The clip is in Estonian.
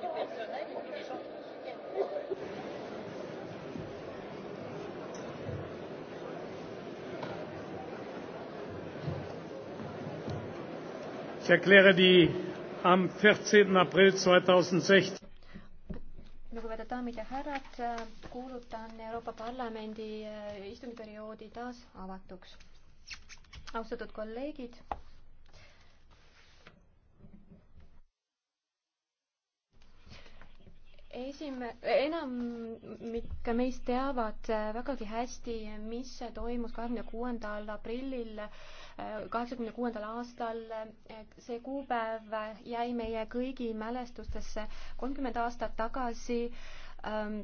du personnel et puis des gens qui nous soutiennent. Ich erkläre die am 14. April 2016 lugupeetud daamid ja härrad, kuulutan Euroopa Parlamendi äh, istungiperioodi taas avatuks. austatud kolleegid esime-, enamik meist teavad äh, vägagi hästi, mis toimus kahekümne kuuendal aprillil äh, kaheksakümne kuuendal aastal. see kuupäev jäi meie kõigi mälestustesse kolmkümmend aastat tagasi ähm,